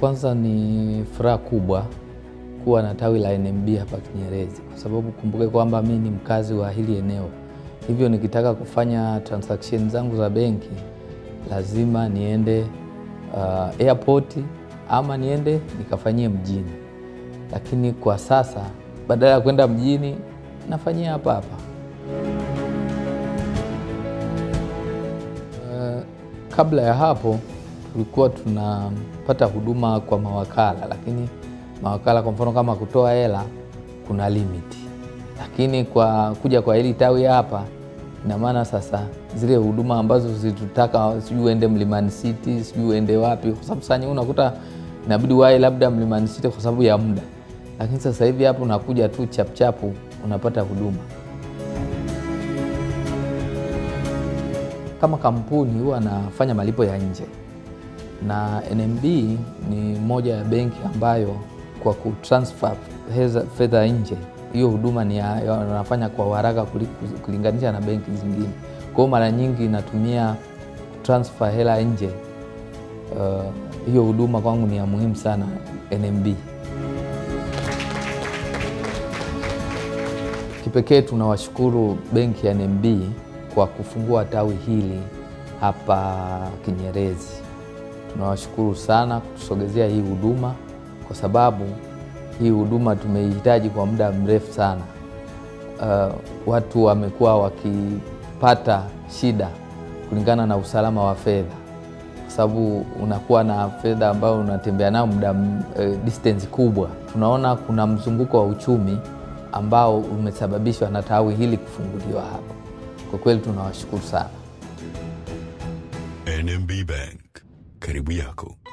Kwanza ni furaha kubwa kuwa na tawi la NMB hapa Kinyerezi, kwa sababu kumbuke kwamba mi ni mkazi wa hili eneo, hivyo nikitaka kufanya transaction zangu za benki lazima niende uh, airport ama niende nikafanyie mjini, lakini kwa sasa badala ya kwenda mjini nafanyia hapa hapa. Uh, kabla ya hapo tulikuwa tunapata huduma kwa mawakala, lakini mawakala kwa mfano kama kutoa hela kuna limiti, lakini kwa kuja kwa hili tawi hapa ina maana sasa zile huduma ambazo zitutaka sijui uende Mlimani City sijui uende wapi, kwa sababu saa unakuta inabidi wae labda Mlimani City kwa sababu ya muda, lakini sasa hivi hapo unakuja tu chapchapu unapata huduma. Kama kampuni huwa anafanya malipo ya nje na NMB ni moja ya benki ambayo kwa kutransfer fedha nje, hiyo huduma ni wanafanya kwa haraka kulinganisha na benki zingine. Kwa hiyo mara nyingi inatumia transfer hela nje. Uh, hiyo huduma kwangu ni ya muhimu sana NMB. Kipekee tunawashukuru benki ya NMB kwa kufungua tawi hili hapa Kinyerezi tunawashukuru sana kutusogezea hii huduma, kwa sababu hii huduma tumeihitaji kwa muda mrefu sana. Uh, watu wamekuwa wakipata shida kulingana na usalama wa fedha, kwa sababu unakuwa na fedha ambayo unatembea nayo muda e, distance kubwa. Tunaona kuna mzunguko wa uchumi ambao umesababishwa na tawi hili kufunguliwa hapa. Kwa kweli tunawashukuru sana NMB Bank. Caribe Yaku.